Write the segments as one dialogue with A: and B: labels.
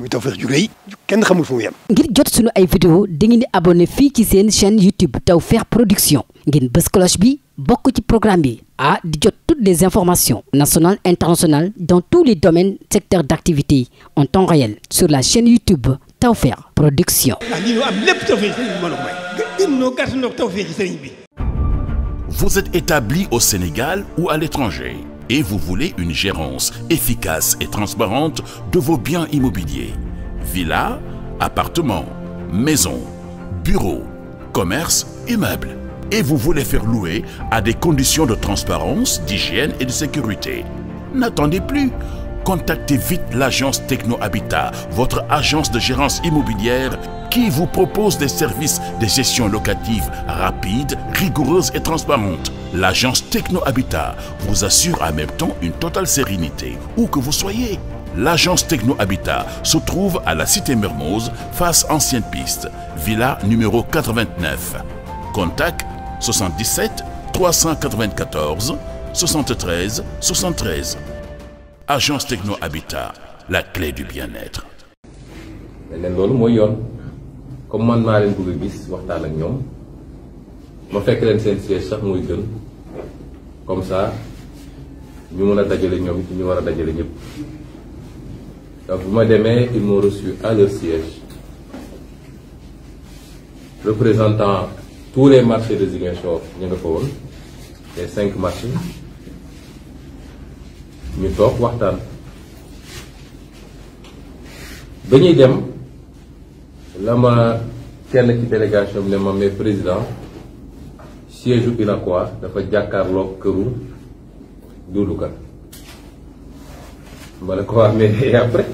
A: muy Tawfekh ju rëy kenn xamul fu mu yem.
B: ngir jot sunu ay vidéo dangeen di abonné fii ci seen chaîne YouTube Tawfekh Production ngeen bës cloche bi bokk ci programme bi ah di jot toutes les informations nationales internationales dans tous les domaines secteurs d'activité en temps réel sur la chaîne YouTube Tawfekh Production.
A: ah lii am lépp Tawfekh sëriñ bi bi. Vous êtes établi au Sénégal ou à l'étranger? et vous voulez une gérance efficace et transparente de vos biens immobiliers. Villa, appartement, maison, bureau, commerce, immeuble. Et vous voulez faire louer à des conditions de transparence, d'hygiène et de sécurité. N'attendez plus. Contactez vite l'agence Techno Habitat, votre agence de gérance immobilière qui vous propose des services de gestion locative rapide, rigoureuse et transparente. L'agence Techno Habitat vous assure en même temps une totale sérénité, où que vous soyez. L'agence Techno Habitat se trouve à la cité Mermoz, face ancienne piste, villa numéro 89. Contact 77 394 73 agence techno habitat la clé du bien-être.
B: dañ leen loolu mooy yoon comme man maa leen bëgg a gis waxtaan ak ñoom ma fekk leen seen siège sax mooy gën comme ça ñu mën a dajale ñoom it ñu war a dajale ñëpp donc bu ma demee ils m'ont reçu à leur représentant tous les marchés de Ziguinchor ñu nga ko woon les cinq marchés. ñu toog waxtaan ba ñuy dem la ma kenn ci délégation bi ne ma mais président siège u Unacois dafa jàkkaarloog këru Doudou Ka ma ne ko wax ah, mais après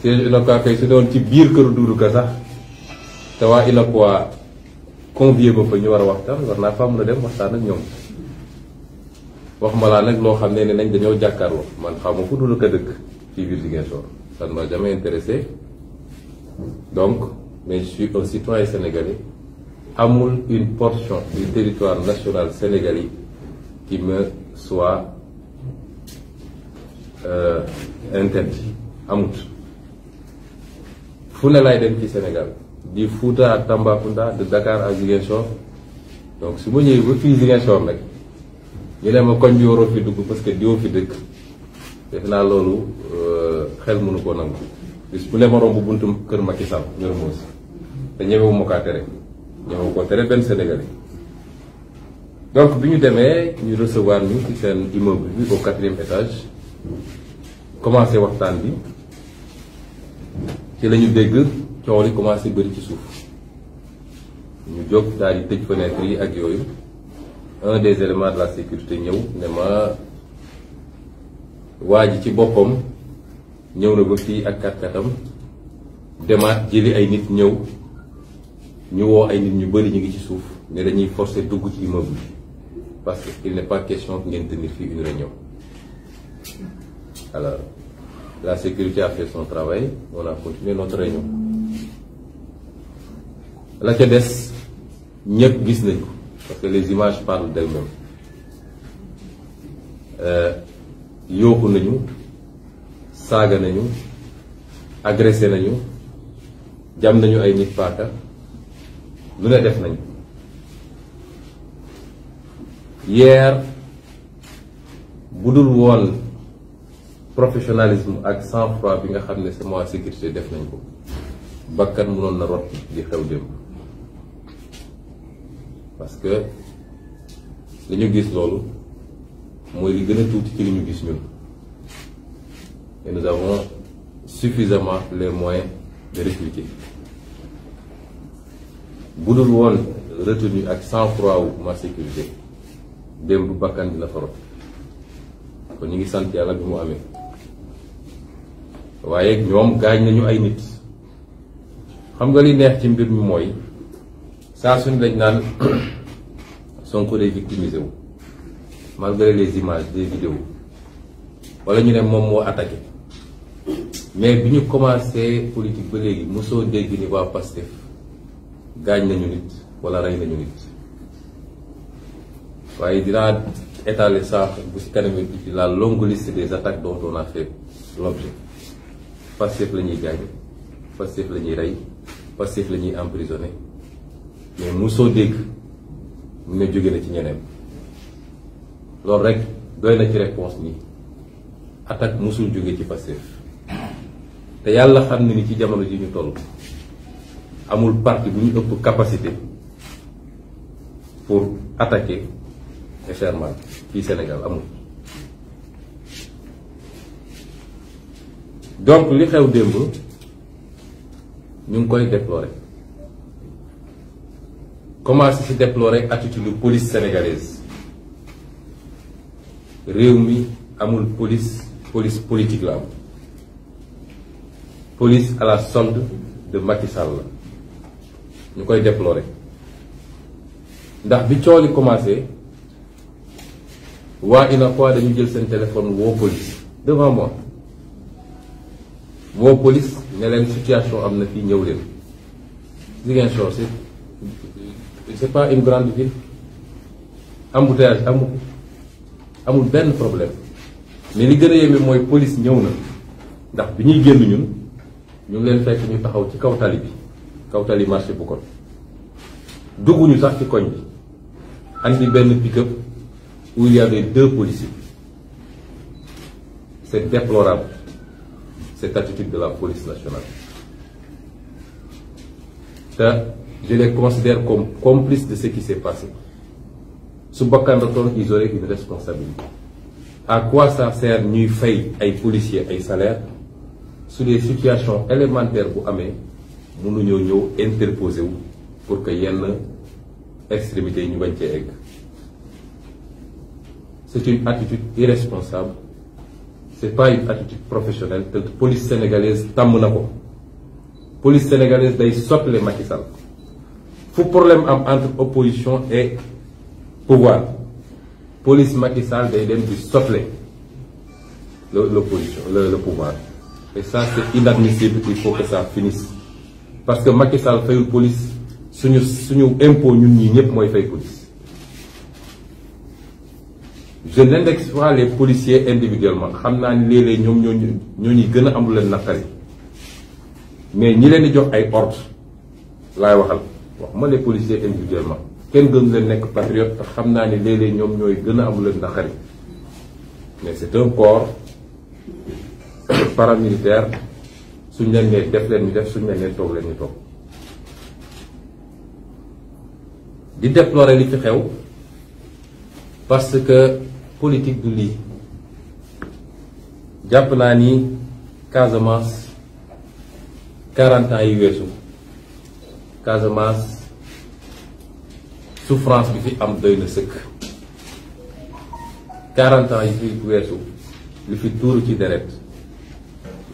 B: siège u Unacois kay su doon ci biir këru Doudou Ka sax te waa Unacois convié ba fa ñu war a waxtaan war naa fa mën a dem waxtaan ak ñoom waxuma laa nag loo xam ne ne nañ dañoo jàkkaarloo man xaw ma fu dul ko dëkk ci biir Ziguinchor ça ne m'a jamais intéressé donc mais je suis un citoyen sénégalais amul une portion du territoire national sénégalais qui me soit euh, interdit amut fu ne lay dem ci Sénégal di Fouta à Tambacounda de Dakar à donc su ma ñëwee ba fii Ziguinchor nag ñu ne ma koñ bi waroo fi dugg parce que diwoo fi dëkk def naa loolu euh, xel mënu ko nangu bis bu ne ma bu buntu kër Macky Sall Mermoz te ñemewu ma kaa tere ñemewu ko tere benn Sénégalais donc bi ñu demee ñu recevoir ñu ci seen immeuble bi au quatrième étage commencé waxtaan bi ci lañu ñu dégg coow li commencé bëri ci suuf ñu jóg daal di tëj fenêtre yi ak yooyu un des éléments la sécurité ñëw ne ma waa ji ci boppam ñëw na ba fii ak katkatam demaat jëli ay nit ñëw ñu woo ay nit ñu bëri ñu ngi ci suuf ne dañuy forcer dugg ci immeuble parce que il n'est pas question ngeen tenir fii une réunion alors la sécurité a fait son travail on a continué notre réunion la ca des ñëpp gis nañ parce que les images parlent d'elles-mêmes euh, yooxu nañu saaga nañu agressé nañu jam nañu ay nit paaka lu ne def nañu hier bu dul woon professionnalisme ak sang-froid bi nga xam ne c'est moi sécurité def nañ ko mu mënoon na rot di xew démb parce que li ñu gis loolu mooy li gën a tuuti ci li ñu gis ñun et nous avons suffisamment les moyens de répliquer bu dul woon retenu ak sang-froid wu ma sécurité démb bakkan dina fa kon ñu ngi sant yàlla bi mu amee waaye ñoom gaañ nañu ay nit xam nga li neex ci mbir mu mooy saa suñ lañ naan son day victimisé wu malgré les images des vidéos wala ñu ne moom moo attaqué mais bi ñu commencé politique ba léegi mosoo dégg ni waa Pastef gaañ nañu nit wala rey nañu nit waaye dinaa étaler ça bu ci kanamee tuuti la longue liste des attaques dont on a fait l'objet Pastef la ñuy gaañ Pastef la ñuy rey Pastef la ñuy emprisonné mais mosoo dégg mu ne jóge na ci ñeneen loolu rek doy na ci réponse ni attaque mosul jóge ci Pastef te yàlla xam ne ni ci jamono ji ñu toll amul parti bu ñu ëpp capacité pour attaquer Ferman fii Sénégal amul donc li xew démb ñu ngi koy déplorer commencé ci déplorer attitude police sénégalaise réew mi amul police police politique la am police à la solde de Macky la ñu koy déplorer ndax bi coow li commencé waa UNACOIS dañu jël seen téléphone woo police devant moi woo police ne situation am na fii ñëw leen Ziguinchor si c'est pas une grande ville embouteillage amul amul benn problème mais li gën a yéeme mooy police ñëw na ndax bi ñuy génn ñun ñu ngi leen fekk ñu taxaw ci kaw tali bi kaw tali marché bu kon dugguñu sax ci koñ bi andi benn pick-up où il y avait deux policiers c'est déplorable cette attitude de la police nationale je les comme complices de ce qui s'est passé su bakkan ratoon ils auraient une responsabilité à quoi ça sert ñuy fay ay policiers ay salaires su dee situation élémentaire bu amee mënuñoo ñëw interposer wu pour que yenn extrémités yi ñu bañ cee egg c'est une attitude irresponsable c'est pas une attitude professionnel te police sénégalaise tàmm na ko police sénégalaise day sottale Macky fu problème am entre opposition et pouvoir police Macky Sall day dem di sotle l'opposition la le pouvoir et ça c'est inadmissible il faut que ça finisse parce que Macky Sall fayul police suñu suñu impôt ñun ñii ñëpp mooy fay police je n'indexe pas les policiers individuellement xam naa ni léeg-léeg ñoom ñooñu ñooñuy gën a am lu leen naqari mais ñi leen di jox ay ordre laay waxal wax ma les policiers individuellement kenn gënu leen nekk patriote te xam naa ni léeg-léeg ñoom ñooy gën a am leen naqari mais c'est un corps paramilitaire suñ leen def leen ñu def suñ leen nee toog leen ñu toog di déplorer li fi xew parce que politique du lii jàpp naa ni Casamance 40 ans yi weesu Casamance souffrance bi fi am doy na sëkk 40 ans yi fi weesu li fi tuuru ci deret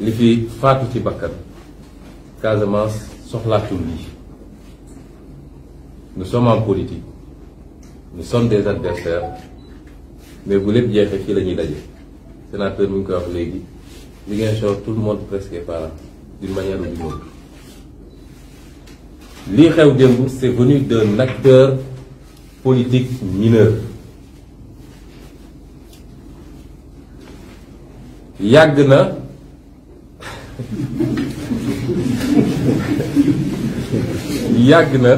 B: li fi faatu ci bakkan Casamance soxlaatul lii nous sommes en politique nous sommes des adversaires mais bu lépp jeexee fii la ñuy daje sénateur mi ngi koy wax léegi Ziguinchor tout le monde presque est parent d'une manière ou d'une autre lii xew démb c'est venu d'un acteur politique mineur yàgg na yàgg na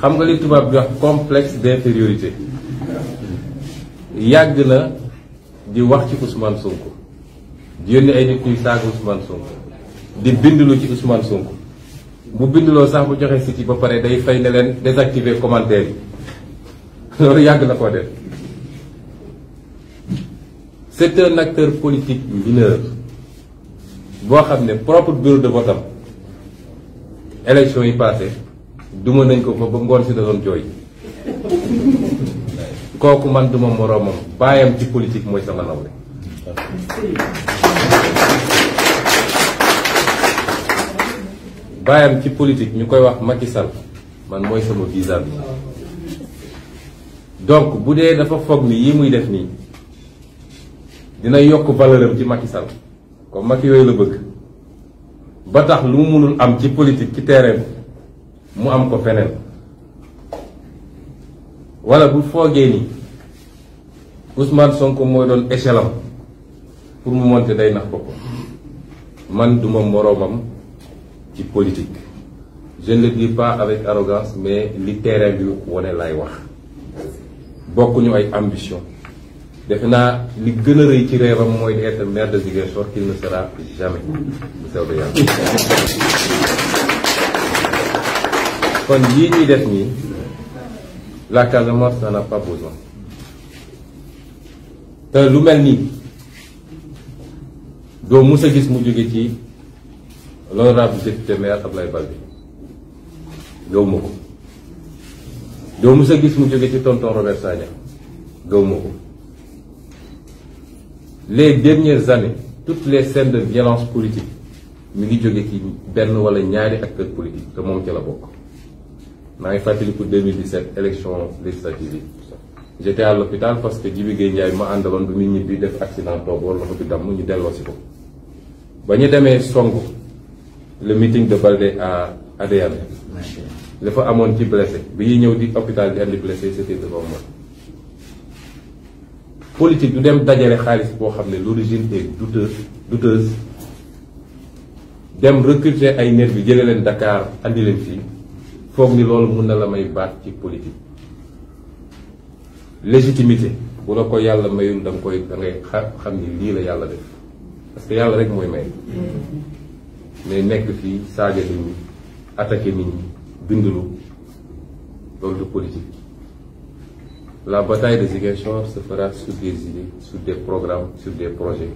B: xam nga li tubaab di wax complexe d'infériorité yàgg na di wax ci Ousmane Sonko di yónni ay nit ñuy saaga Ousmane Sonko di bind lu ci Ousmane Sonko bu bindloo sax bu joxee site yi ba pare day fay ne leen désactiver commentaire yi loolu yàgg na koo def c'est un acteur politique mineur boo xam ne propre bureau de vote am élection yi passé duma nañ ko fa ba ngoon si da doon jooy kooku man duma moroomam bàyyam ci politique mooy sama nawle baayam ci politique ñu koy wax Macky Sall man mooy sama visa bi donc bu dee dafa foog ni yi muy def nii dina yokk valeur ci Macky Sall comme Macky la bëgg ba tax lu mu mënul am ci politique ci terrain mu am ko feneen wala bu foogee ni Ousmane Sonko mooy doon échelon pour mu monter day nax boppam man duma moroomam ci politique je ne le dis pas avec arrogance mais li terrain bi wone laay wax bokkuñu ay ambition defe naa li gën a rëy ci réewam mooy être maire de Ziguinchor qu'il ne sera jamais bu sew de yàlla kon yii ñuy def nii la Casamance n'en pas besoin te lu mel nii doo mus a gis mu jóge ci l'honorable député maire Abdoulaye Baldé gëw ma ko doo mës a gis mu jóge ci tonton Robert Sagna gëw ma ko les dernières années toutes les scènes de violence politique mi ngi jóge ci benn wala ñaari acteurs politiques te moom ci la bokk maa ngi fàttaliku 2017 élection législative yi j'étais à l'hôpital parce que Djibi Gueye Ndiaye ma àndaloon bi muy ñibbi def accident toog wala la ko bi damm ñu delloosi ko ba ñu demee songu le meeting de a à à Dayabé dafa amoon ci blessé bi ñuy ñëw di hôpital di andi blessé c'était devant moi politique du dem dajale xaalis boo xam ne l'origine est douteuse douteuse dem recruter ay nervi bi jële leen dakaar andi leen fii foog ni loolu mun na la may baat ci politique légitimité bu la ko yàlla mayul da koy da ngay xam ni lii la yàlla def parce que yàlla rek mooy may mais nekk fii saaga nit ñi attaqué nit loolu du politique la bataille de Ziguinchor se fera sur des idées sur des programmes sur des projets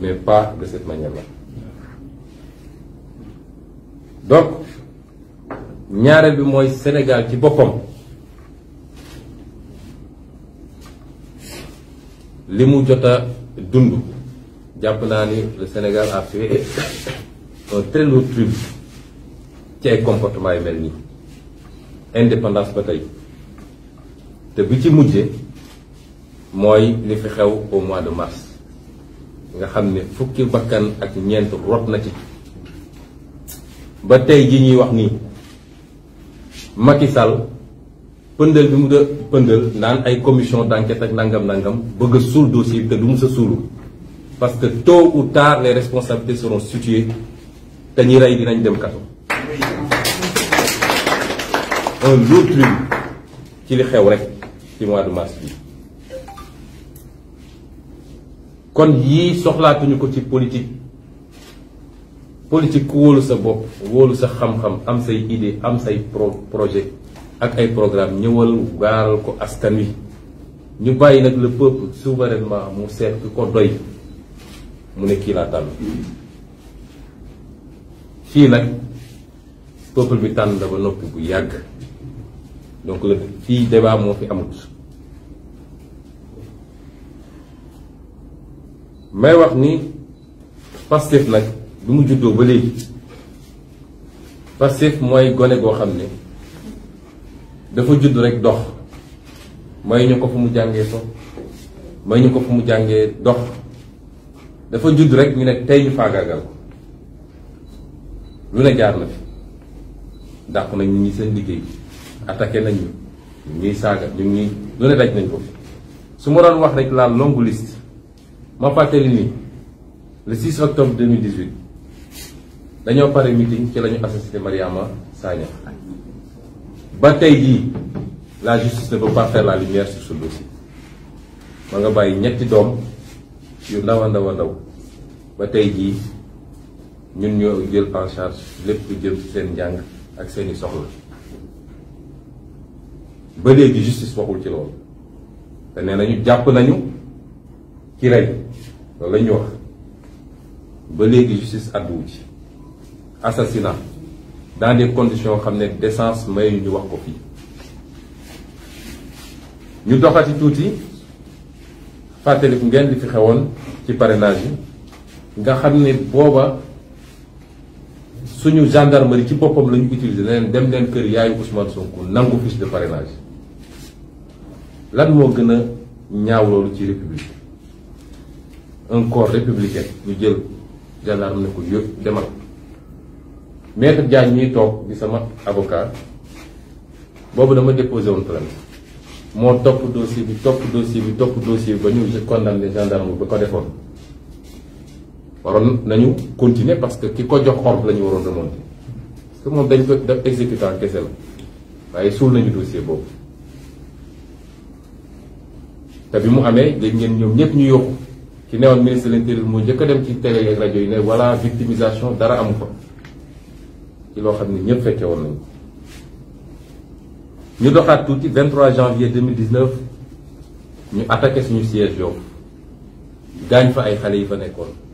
B: mais pas de cette manière-là donc ñaareel bi mooy Sénégal ci boppam li mu jot a dund jàpp naa ni le Sénégal a fait un très lourd ci ay comportement yu mel nii indépendance ba tey te bi ci mujje mooy li fi xew au mois de mars nga xam ne fukki bakkan ak ñeent rot na ci ba tey ji ñuy wax nii Macky Sall pëndal bi mu da pëndal naan ay commission d'enquête ak nangam-nangam bëgg a suul dossier te du mu sa suulu parce que tôt ou tard les responsabilités seront situées dañuy rey dinañ dem kaso un lourd crime ci li xew rek ci mois de mars bi kon yii soxlaatuñu ko ci politique politique ku wóolu sa bopp wóolu sa xam-xam am say idée am say pro projet ak ay programme ñëwal gaaral ko askan wi ñu bàyyi nag le peuple souverainement mu seet ku ko doy mu ne kii laa tànn kii nag peuple bi tànn dafa noppi bu yàgg donc la fii débat moo fi amut may wax ni Pastef nag bi mu juddoo ba léegi Pastef mooy gone goo xam ne dafa judd rek dox may ñu ko fu mu jàngee so may ko fu mu jàngee dox dafa judd rek ñu ne tey ñu faagaagal lu ne jaar na fi dàq nañ ñu seen liggéey attaqué nañ ñu ñuy saaga ñu ngi ne daj nañ ko su ma doon wax rek la longue liste ma fàttali ni le 6 octobre 2018 dañoo pare meeting ci la ñu assassiné Mariama Sagna ba tey jii la justice ne peut pas faire la lumière sur ce dossier ma nga bàyyi ñetti doom yu ndaw a ndaw ndaw ba tey jii. ñun ñoo jël en lépp lu jëm ci seen njàng ak seeni soxla ba léegi justice waxul ci loolu te nee nañu jàpp nañu ci rey loolu la ñu wax ba léegi justice àdduwu ci assassinat dans des conditions xam ne décence mayu ñu wax ko fii ñu doxati tuuti fàttaliku ngeen li fi xewoon ci parrainage yi nga xam ne booba suñu gendarmerie ci boppam lañu ñu utiliser ne leen dem leen kër yaayu Ousmane Sonko nangu fiche de parrainage lan moo gën a ñaaw loolu ci république un corps républicain ñu jël gendarme ne ko yëpp demal maître Diagne ñuy toog di sama avocat boobu dama déposé woon plainte moo topp dossier bi topp dossier bi topp dossier ba ñu condamné gendarme ba ko defoon waroon nañu continuer parce que ki ko jox ordre la ñu waroon demoon parce que moom dañ ko def exécutant kese la waaye suul nañu dossier boobu te bi mu amee dégg ngeen ñoom ñëpp ñu yokku ki newoon ministre de l'intérieur moo njëkk a dem ci télé yeeg rajo yi ne voilà victimisation dara amu ko ci loo xam ne ñëpp fekke woon nañu ñu doxaat tuuti 23 janvier 2019 ñu attaqué suñu siège Yoff gaañ fa ay xale yi fa nekkoon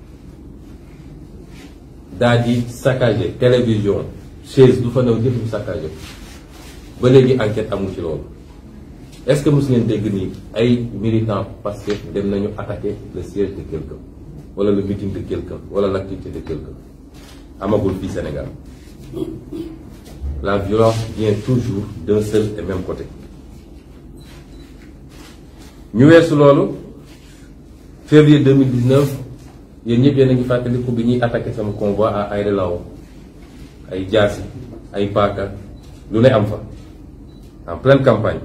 B: daal di saccagé télévision chaise du fa naw jëf ñu ba léegi enquête amul ci loolu est-ce que mos ngeen dégg nii ay militants parce que dem nañu attaquer le siège de quelqu'un wala le meeting de quelqu'un wala l'activité de quelqu'un amagul fii Sénégal la violence vient toujours d'un seul et même côté ñu weesu loolu février yéen ñëpp yéen a ngi fàttaliku bi ñuy attaqué sama convoi à Aéré Lao ay jaasi ay paaka lu ne am fa en pleine campagne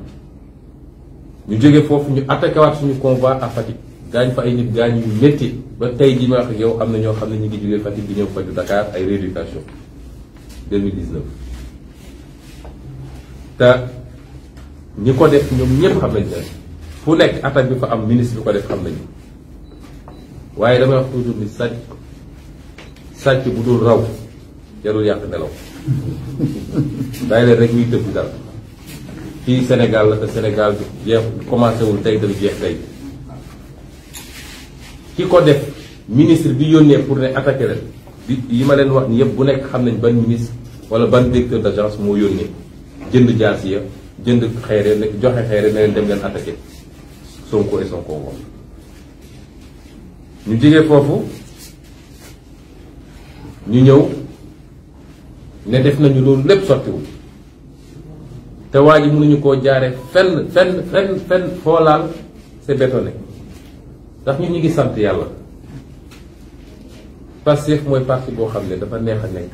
B: ñu jóge foofu ñu attaqué waat suñu convoi à Fatick gaañ fa ay nit gaañ yu métti ba tey ji ma wax yow am na ñoo xam ne ñu ngi jógee Fatick di ñëw faju Dakar ay rééducation 2019 te ñi ko def ñoom ñëpp xam nañ leen fu nekk attaque bi fa am ministre bi ko def xam nañ waaye damay wax toujours ni sàcc sàcc bu dul raw jarul yàq nelaw day leen rek ñuy tëb dal fii Sénégal la te Sénégal du jeex commencé wul tey dal jeex tey ki ko def ministre bi yónnee pour ne attaqué leen bi yi ma leen wax ni yëpp bu nekk xam nañ ban ministre wala ban directeur d' agence moo yónnee jënd jaas ya jënd xeere nekk joxe xeere na leen dem leen attaqué Sonko et Sonko moom ñu jógee foofu ñu ñëw ne def nañu loolu lépp sottiwul te waa ji mënuñu koo jaare fenn fenn fenn fenn foo laal c'est ndax ñun ñu ngi sant yàlla Pastef mooy parti boo xam ne dafa neex a nekk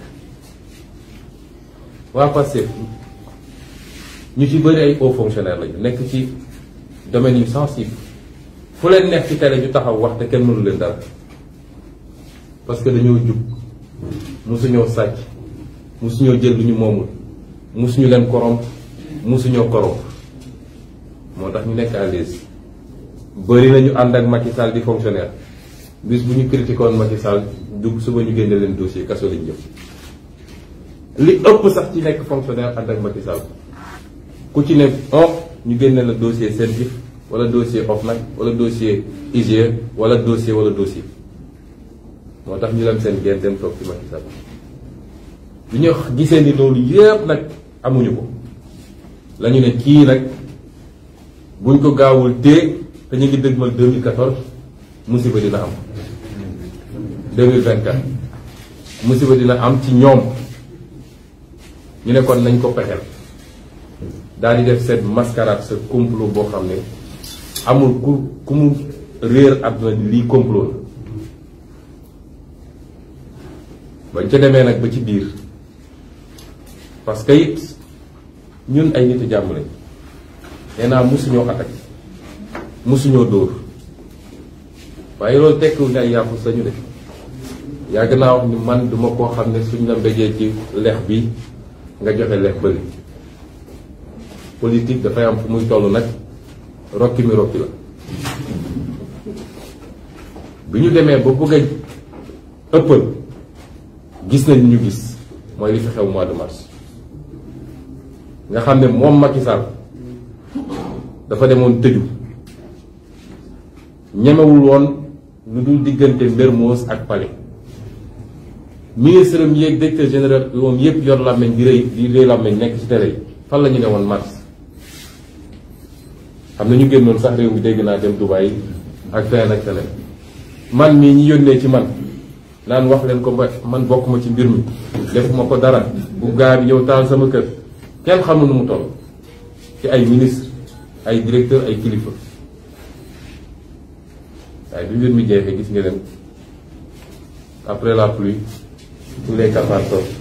B: waa Pastef ñu ci bëri ay hauts fonctionnaires lañu nekk ci domaine yu sensible fu leen neex ci télé ñu taxaw wax te kenn mënu leen dara parce que dañoo jub mosuñoo sàcc mosuñoo jël luñu ñu moomul mosuñu leen corrompre mosuñoo corrompre moo tax ñu nekk à l'aise bëri nañu ànd ak Macky Sall di fonctionnaire bis bu ñu critiqué woon Macky dugg du suba ñu génne leen dossier kaso lañ jëm li ëpp sax ci nekk fonctionnaire ànd ak Macky ku ci ne on oh, ñu génne la dossier seen jëf wala dossier nag wala dossier IGE wala dossier wala dossier moo tax ñu dem seen génn dem toog ci Macky Sall bi ñu gisee ni loolu yépp nag amuñu ko la ñu ne kii nag buñ ko gaawul dee te ñu ngi dëgmal 2014 musiba dina am 2024 musiba dina am ci ñoom ñu ne kon nañ ko pexeel daal di def seet mascarade sa complot boo xam ne amul ku ku mu réer àdduna lii complot la bañ ca demee nag ba ci biir parce que ñun ay nitu jàmm lañ nee naa mosuñoo attaqué mosuñoo dóor waaye loolu tekkiwul ne ay yàqu sañu de yàgg naa wax ni man duma koo xam ne suñ la mbéjee ci lex bi nga joxe lex bëri politique dafay am fu muy toll nag rokki mi rokki la bi ñu demee ba bëgg a ëppal gis nañ ñu gis mooy li fi xew mois de mars nga xam ne moom Macky Sall dafa demoon tëju ñemewul woon lu dul diggante Mermoz ak Palais ministre am yeeg directeur général moom yëpp yor làmmeñ di rëy di rëy làmmeñ nekk ci télé yi fan la ñu ne woon mars am na ñu génnoon sax réew mi dégg naa dem Dubaï ak feneen ak feneen man mii ñu yónnee ci man naan wax leen ko man bokk ma ci mbir mi defuma ko dara bu gaar bi ñëw taal sama kër kenn xamul nu mu toll ci ay ministre ay directeur ay kilifa waaye bi mbir mi jeexee gis nga leen après la pluie tous les cafards sortent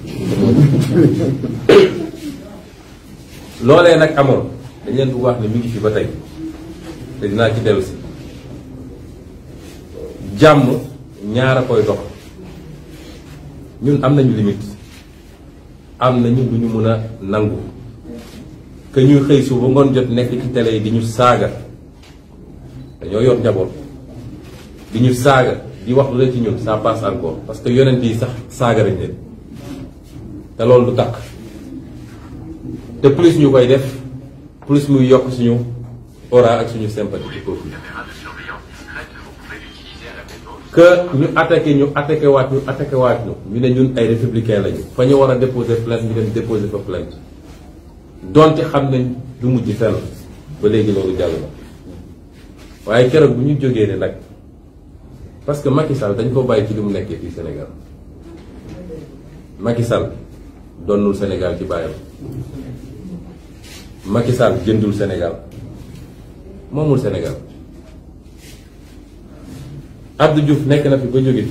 B: loolee nag amoon dañ leen bëgg wax ne mi ngi fi ba tey te dinaa ci dellu si jàmm ñaar a koy dox ñun am nañu limit am nañu lu ñu mën a nangu que ñuy xëy su ba ngoon jot nekk ci tele yi di ñu saaga dañoo yor njaboot di ñu saaga di wax lu la ci ñun ça passe encore parce que yonent yi sax saaga lañ leen te loolu du takk te plus ñu koy def. plus muy yokk suñu aura ak suñu sympathie ci peuple que ñu attaqué ñu attaqué waat ñu attaqué waat ñu ñu ne ñun ay républicain lañu fa ñu war a déposer plainte ñu dem déposer fa plainte donte xam nañ du mujj fenn ba léegi loolu jàll na waaye keroog bu ñu jógee ne nag parce que Macky Sall dañ ko bàyyi ci li mu nekkee fii Sénégal Macky Sall donnul Sénégal ci bàyyam Macky Sall jëndul Sénégal moomul Sénégal Abdou Diouf nekk na fi ba jóge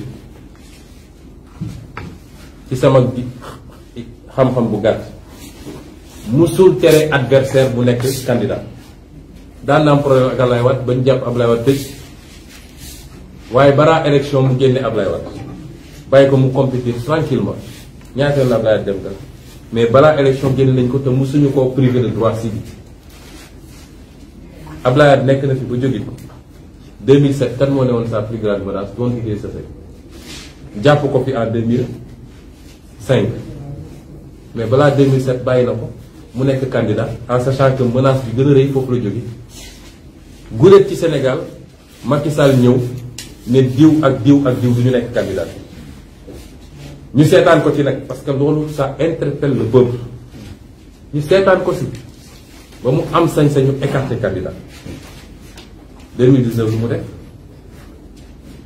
B: ci sama xam-xam bu gàtt musul tere adversaire bu nekk candidat daan na am problème ak Ablaye Wade ba ñu jàpp Ablaye Wade tëj waaye balaa élection mu génne Ablaye Wade bàyyi ko mu compétir tranquillement ñaata la Ablaye Wade dem ka mais balaa élection génn nañ ko te mosuñu koo privé de droit civique Ablaye nekk na fi ba jóge 2007 kan moo ne woon sa plus grave menace doon liggéey sa fekk jàpp ko fi en 2005 mais balaa 2007 bàyyi na ko mu nekk candidat en sachant que menace bi gën a rëy foofu la jóge guléet ci Sénégal Macky ñëw ne diw ak diw ak diw du nekk candidat ñu seetaan ko ci nag parce que loolu ça interpelle le peuple ñu seetaan ko si ba mu am sañ-sañu écarte candidat 2019 lu mu def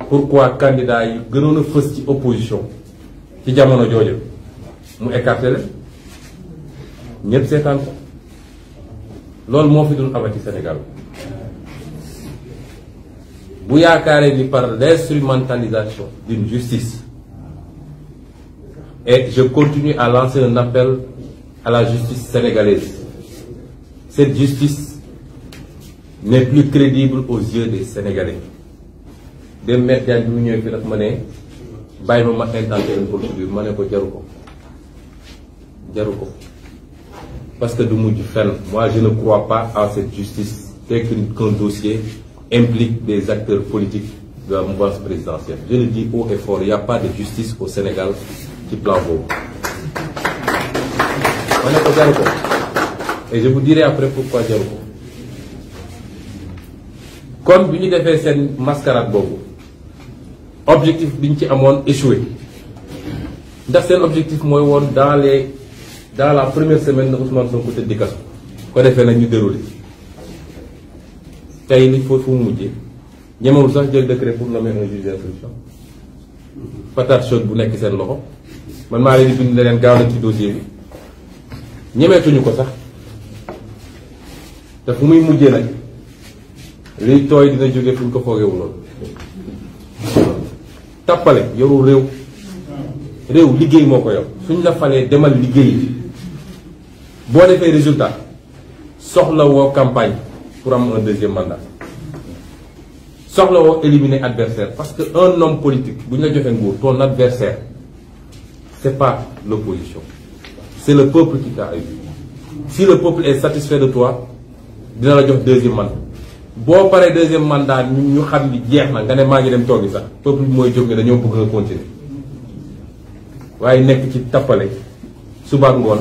B: pourquoi candidat yi gënoon a fës ci opposition ci jamono jooju mu écarter leen ñëpp seetaan ko loolu moo fi doon ci Sénégal bu yaakaaree ni par l'instrumentalisation d'une justice Et je continue à lancer un appel à la justice sénégalaise. Cette justice n'est plus crédible aux yeux des Sénégalais. dem média bi mu ñëwee fii dafa ma ne bàyyi ma ma intenté ne ko jaru ko jaru ko parce que du mujj fenn moi je ne crois pas en cette justice dès qu'un dossier implique des acteurs politiques de la mouvance présidentielle je le dis haut et fort a pas de justice au Sénégal ci plan boobu ma ne ko jaru ko et je vous dirai après pourquoi jaru ko kon bi ñu defee seen mascarade boobu objectif bi ñu ci amoon échoué ndax seen objectif mooy woon dans les la première semaine na Ousmane Sonko tëdd kaso ko defee nag ñu déroulé tey li foofu mu mujjee ñemewul sax jël décret pour nommer un juge d'instruction patate chaude bu nekk seen loxo man maa leen di bind leen gaaw nañ ci dossier bi ñemeetuñu ko sax te fu muy mujjee nag liy tooy dina jóge fu ñu ko foogewuloon tàppale yoru réew liggéey moo ko yor suñ la falee demal liggéey boo defee résultat soxla woo campagne pour am un deuxième mandat soxla woo éliminer adversaire parce que un homme politique bu ñu la joxee nguur ton adversaire c'est pas l'opposition. C'est le peuple qui t'a élu. Si le peuple est satisfait de toi, dina la jox deuxième man boo paree deuxième mandat ñu xam ni jeex na nga ne maa ngi dem toogi sax peuple bi mooy jóg ne dañoo bëgg nga continuer waaye nekk ci tappale suba ngoon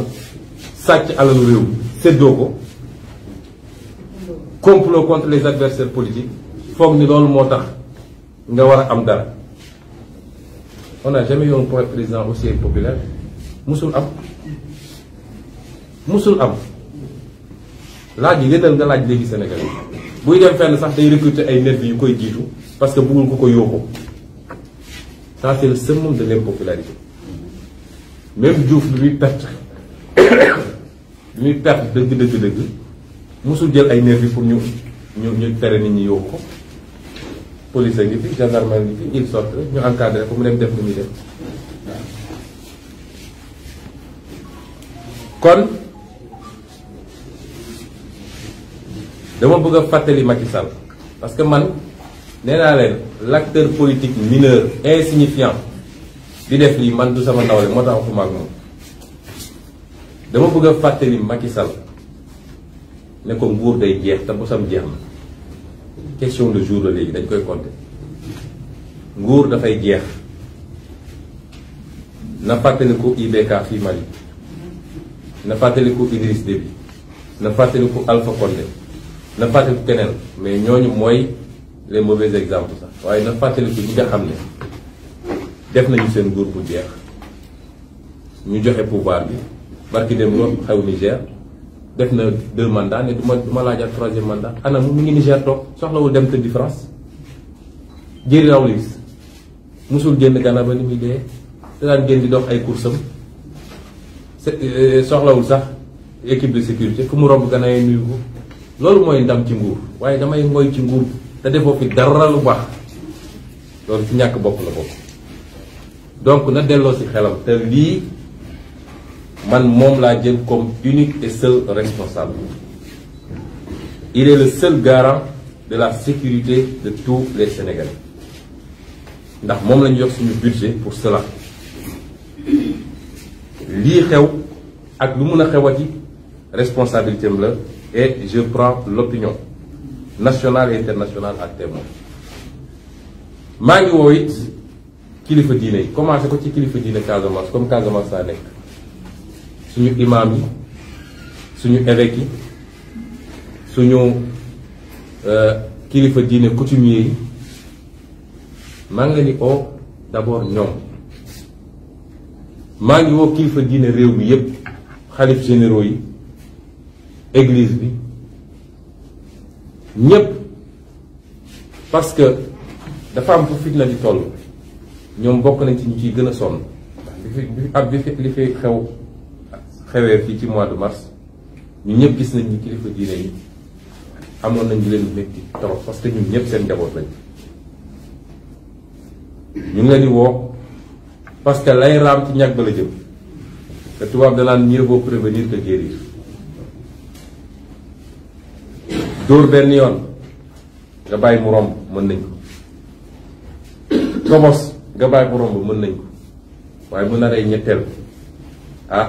B: sàcc alalu réew séddoo ko complot contre les adversaires politiques foog ni loolu moo tax nga war a am dara on n'a jamais eu président aussi populaire mosul am mosul am laaj yi léeg nga laaj léegi Sénégal buy dem fenn sax day recruter ay nervi yu koy jiitu parce que bëggul ku ko yóbbu ça c'est le summum de l'impopularité même Diouf bi muy perte bi muy perte dëgg dëgg dëgg musul jël ay nervi pour ñu ñu ñu pere nit ñi yóbbu ko. police a ngi fi gendarmerie ngi fi il sorte ñu encadré ko mu dem def lu muy def kon dama bëgg a fàttali Macky Sall parce que man nee naa leen l'acteur politique mineur insignifiant di def lii man du sama nawle moo tax waxuma ak moom dama bëgg a fàttali Macky Sall ne ko nguur day jeex te bu sam jeex na question de jour la léegi dañ koy compter nguur dafay jeex na fàttaliku IBK fii Mali na fàttaliku Idriss bi na fàttaliku Alpha Condé na fàttaliku keneen mais ñooñu mooy les mauvais exemples sax waaye na fàttaliku ñu nga xam ne def nañu seen nguur bu jeex ñu joxe pouvoir bi barki dem ro xew Niger def na deux mandats ne du ma du ma laajaat troisième mandat ana mu ngi Niger toog soxlawul dem tëdd France Jerry Rawlings musul génn Ghana ba ni muy dee da daan génn di dox ay courses am euh, soxlawul sax équipe de sécurité fu mu romb Ghana yi nuyu ko loolu mooy ndam ci nguur waaye damay ngoy ci nguur te defoo fi dara lu baax loolu ci ñàkk bopp la bokk donc na delloo si xelam te lii. man moom laa jël comme unique et seul responsable il est le seul garant de la sécurité de tous les Sénégalais ndax moom lañu ñu jox suñu budget pour cela lii xew ak lu mun a xewati responsabilité am la et je prends l'opinion nationale et internationale à témoin maa ngi woo it kilifa diine yi commencé ko ci kilifa diine Casamance comme Casamance saa nekk suñu imaam yi suñu évêques yi suñu euh, kilifa diine coutumier yi maa ngi leen di oo d'abord ñoom maa ngi woo kilifa diine réew mi yépp xalif généraux yi eglise bi ñépp parce que dafa am fu fitna di toll ñoom bokk nañ ci ñu ciy gën a sonn li fi li fi li fi xew xewee fii ci mois de mars ñu ñëpp gis nañ ni kilifa diine yi amoon nañ leen métti trop parce que ñun ñëpp seen njaboot lañ ñu ngi leen di woo parce que lay raam ci ñàkk ba la jëm te tubaab danaan mieux vaut prévenir que guérir dóor benn yoon nga bàyyi mu romb mën nañ ko tobos nga bàyyi mu romb mën nañ ko waaye mën na rey ñetteel ah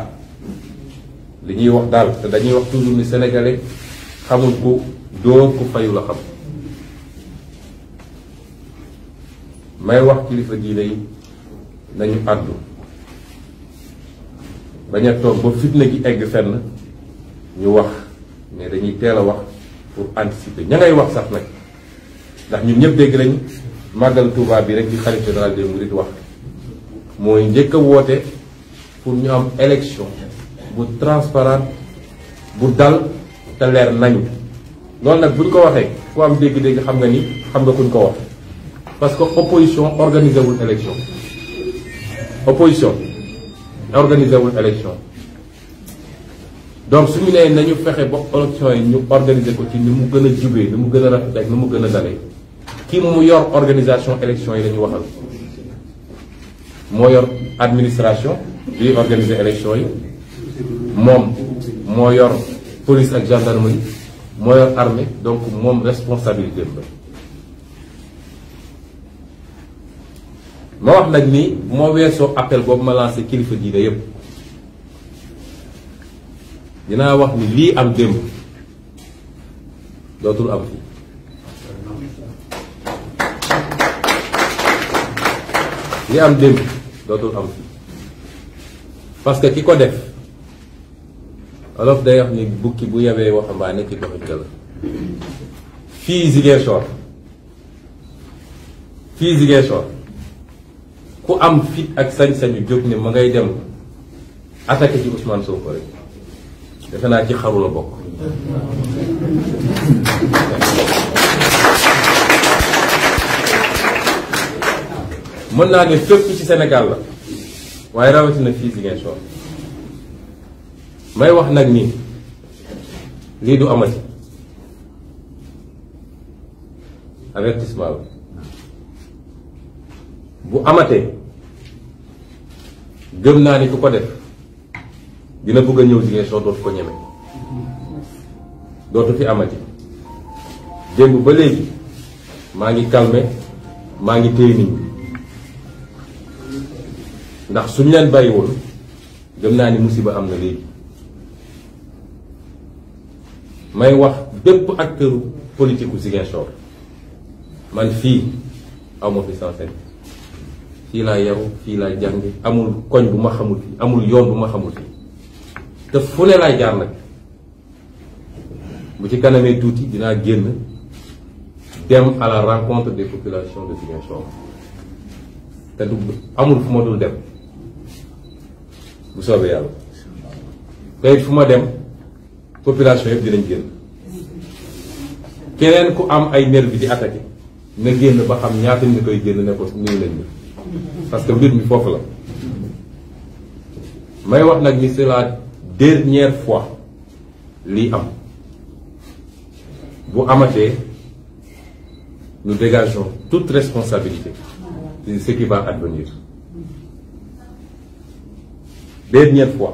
B: li ñuy wax daal te dañuy wax toujours ni senegale xamul ku dóor ku fayu la xam may wax kilifa diine yi nañu àddu bañ a toog ba fitna gi egg fenn ñu wax mais dañuy teel a wax pour anticiper ña wax sax nag ndax ñun ñëpp dégg nañ màggal Touba bi rek di xalif général des mourides wax mooy njëkk a woote pour ñu am élection bu transparent bu dal te leer nañu loolu nag buñ ko waxee ku am dégg-dégg xam nga ni xam nga kuñ ko wax parce que opposition organisé wul élection opposition organisé wul élection donc suñu nee nañu fexe ba élection yi ñu organiser ko ci ni mu gën a jubee ni mu gën a rafet ak ni mu gën a dalee kii mu yor organisation élection yi lañu waxal moo yor administration liy organiser élection yi moom moo yor police ak gendarmerie moo yor armée donc moom responsabilité am ma wax nag ni moo weesoo appel boobu ma lancé kilifa diine yépp dinaa wax ni lii am démb dootul am fii li am démb dootul am fii parce que ki ko def olof day wax ni bukki bu yabee waxambaane ci doxit ka la fii Ziguinchor fii Ziguinchor ku am fit ak sañ-sañu jóg ne ma ngay dem attaqué ci Ousmane Sonko rek defe naa ci xaru la bokk mën naa ne fépp ci Sénégal la waaye rawatina fii Ziguinchor may wax nag ni lii du amati avertissement bu amatee gëm naa ni ku ko def dina bëgg a ñëw Ziguinchor dootu ko ñeme dootu fi amati démb ba léegi maa ngi calmé maa ngi téye nit ñi ndax suñu leen bàyyiwul gëm naa ni musiba am na léegi may wax bépp acteur politique u Ziguinchor man fii awma fi sansen fii laa yaru fii laa jàngi amul koñ bu ma xamul fii amul yoon bu ma xamul fii te fu ne laay jaar nag bu ci kanamee tuuti dinaa génn dem à la rencontre des populations de Ziguinchor te du amul fu ma dul dem bu soobee yàlla te fu ma dem population yëpp dinañ génn keneen ku am ay nerf bi di attaqué na génn ba xam ñaata nit koy génn ne ko nii lañ parce que mbir mi foofu la may wax nag ni c'est la dernière fois lii am bu amatee nu dégation toute responsabilité de ce advenir dernière fois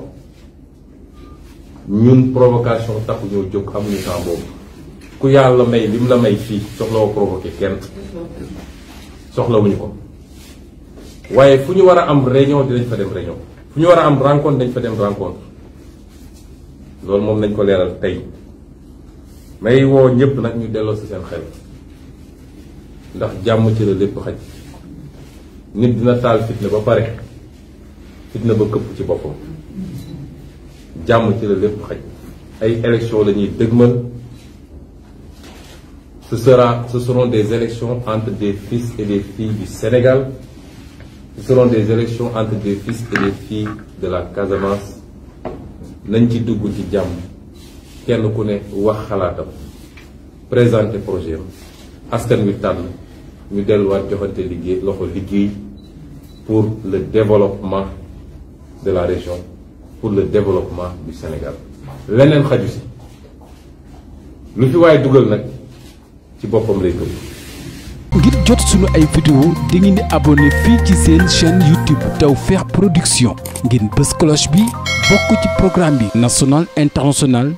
B: ñun provocation taxu ñoo jóg amuñu temps boobu ku yàlla may lim la may fii soxlawoo provoqué kenn soxlawuñu ko waaye fu ñu war a am réunion dinañ fa dem réunion fu ñu war a am rencontre dañ fa dem rencontre loolu moom nañ ko leeral tey may woo ñëpp nag ñu delloo si seen xel ndax jàmm ci la lépp xaj nit dina taal fitna ba pare fitna ba këpp ci boppam. jàmm ci la lépp xaj ay élections la ñuy dëgmal ce sera ce seront des élections entre des fils et des filles du Sénégal ce seront des élections entre des fils et des filles de la Casamance nañ ci dugg ci jàmm kenn ku ne wax xalaatam présenter projet am askan wi tànn ñu delluwaat joxante liggéey loxo liggéey pour le développement de la région pour le développement du Sénégal leneen xaju si lu fi waaye dugal nag ci boppam lay dugg.
A: ngir jot sunu ay vidéo di ngeen di abonné fii ci seen chaîne YouTube Tawfekh Production ngeen bës cloche bi bokk ci programme bi national international.